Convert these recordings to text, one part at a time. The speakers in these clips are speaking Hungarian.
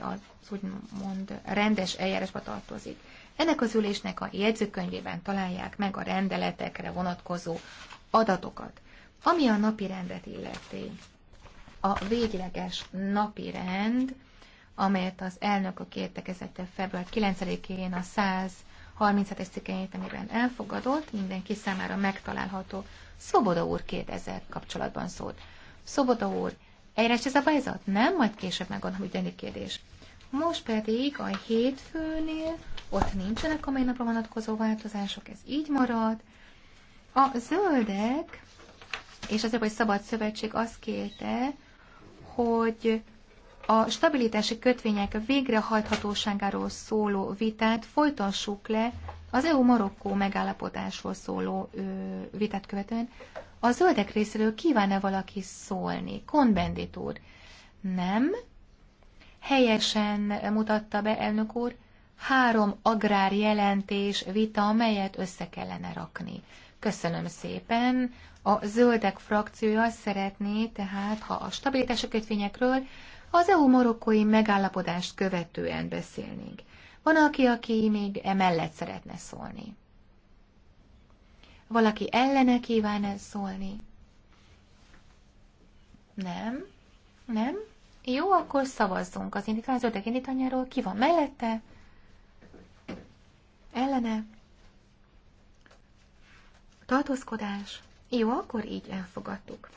az úgymond rendes eljárásba tartozik. Ennek az ülésnek a jegyzőkönyvében találják meg a rendeletekre vonatkozó adatokat. Ami a napi rendet illeti, a végleges napi rend, amelyet az elnökök értekezete február 9-én a 137-es cikkenyétemében elfogadott, mindenki számára megtalálható. Szoboda úr kérdezett kapcsolatban szólt. Szoboda úr, egyrészt ez a bajzat? Nem, majd később megoldom ügyrendi kérdés. Most pedig a hétfőnél ott nincsenek a mai napra vonatkozó változások, ez így marad. A zöldek és az hogy Szabad Szövetség azt kérte, hogy a stabilitási kötvények végrehajthatóságáról szóló vitát folytassuk le az EU-Marokkó megállapodásról szóló ö, vitát követően, a zöldek részéről kíván-e valaki szólni? Konbendit úr. Nem? Helyesen mutatta be elnök úr, három agrárjelentés vita, melyet össze kellene rakni. Köszönöm szépen. A zöldek frakciója szeretné, tehát ha a stabilitási kötvényekről az EU-marokkói megállapodást követően beszélnénk. Van aki, aki még emellett szeretne szólni. Valaki ellene kíván -e szólni? Nem? Nem? Jó, akkor szavazzunk az indítvány, az ördög indítványáról. Ki van mellette? Ellene? Tartózkodás? Jó, akkor így elfogadtuk.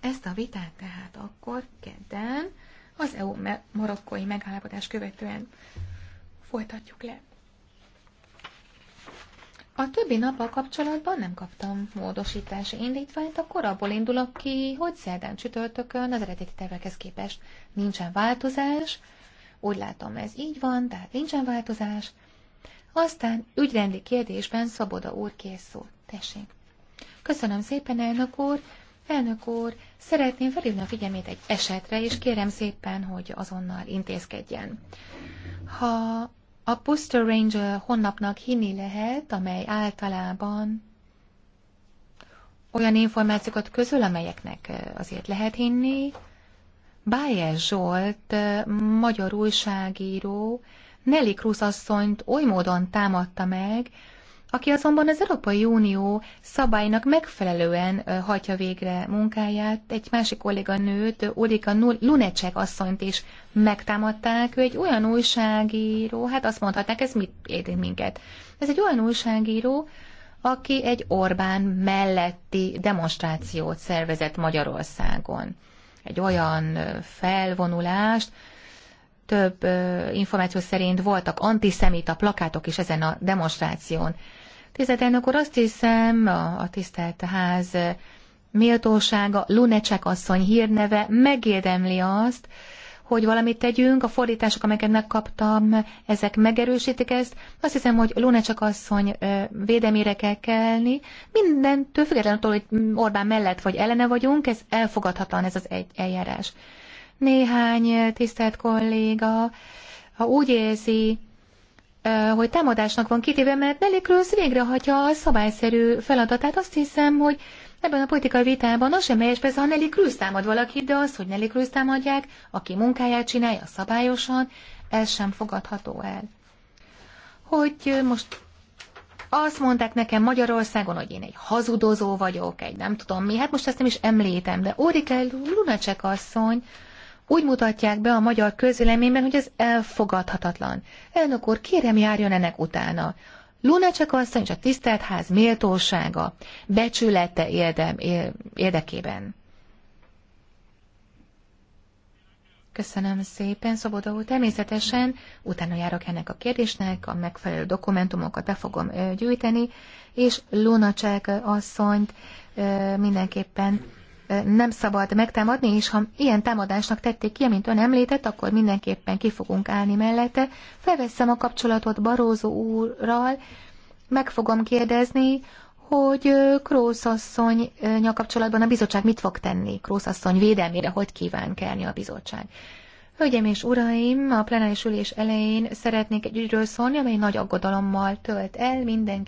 Ezt a vitát tehát akkor kedden az EU marokkói megállapodás követően folytatjuk le. A többi nappal kapcsolatban nem kaptam módosítási indítványt, akkor abból indulok ki, hogy szerdán csütörtökön az eredeti tervekhez képest nincsen változás. Úgy látom, ez így van, tehát nincsen változás. Aztán ügyrendi kérdésben Szaboda úr kész szó. Tessék. Köszönöm szépen, elnök úr. Elnök úr, szeretném felhívni a figyelmét egy esetre, és kérem szépen, hogy azonnal intézkedjen. Ha a booster ranger honlapnak hinni lehet, amely általában olyan információkat közöl, amelyeknek azért lehet hinni. Bájer Zsolt, magyar újságíró, Nelly Cruz asszonyt oly módon támadta meg, aki azonban az Európai Unió szabálynak megfelelően hagyja végre munkáját. Egy másik kolléganőt, Ulrika Lunecek asszonyt is megtámadták. Ő egy olyan újságíró, hát azt mondhatnák, ez mit érint minket? Ez egy olyan újságíró, aki egy Orbán melletti demonstrációt szervezett Magyarországon. Egy olyan felvonulást, több információ szerint voltak antiszemita plakátok is ezen a demonstráción. Tisztelt elnök úr, azt hiszem, a, a tisztelt ház méltósága, Lunecsek asszony hírneve megérdemli azt, hogy valamit tegyünk, a fordítások, amelyeket megkaptam, ezek megerősítik ezt. Azt hiszem, hogy Lunecsak asszony védelmére kell kelni. Mindentől függetlenül attól, hogy Orbán mellett vagy ellene vagyunk, ez elfogadhatatlan ez az egy eljárás. Néhány tisztelt kolléga, ha úgy érzi, hogy támadásnak van kitéve, mert Nelly Cruz végrehajtja a szabályszerű feladatát, azt hiszem, hogy ebben a politikai vitában az sem helyes, persze, ha Nelly Cruz támad valakit, de az, hogy Nelly Cruz támadják, aki munkáját csinálja szabályosan, ez sem fogadható el. Hogy most azt mondták nekem Magyarországon, hogy én egy hazudozó vagyok, egy nem tudom mi, hát most ezt nem is említem, de orikel, Lunacek asszony, úgy mutatják be a magyar közvéleményben, hogy ez elfogadhatatlan. Elnök úr, kérem járjon ennek utána. Lunacek asszony és a tisztelt ház méltósága, becsülete érdem, érdekében. Köszönöm szépen, Szoboda úr. Természetesen utána járok ennek a kérdésnek, a megfelelő dokumentumokat be fogom gyűjteni, és Lunacek asszonyt mindenképpen nem szabad megtámadni, és ha ilyen támadásnak tették ki, amint ön említett, akkor mindenképpen ki fogunk állni mellette. Felveszem a kapcsolatot Barózó úrral, meg fogom kérdezni, hogy Krószasszony kapcsolatban a bizottság mit fog tenni? Krószasszony védelmére hogy kíván kelni a bizottság? Hölgyeim és uraim, a plenáris ülés elején szeretnék egy ügyről szólni, amely nagy aggodalommal tölt el mindenki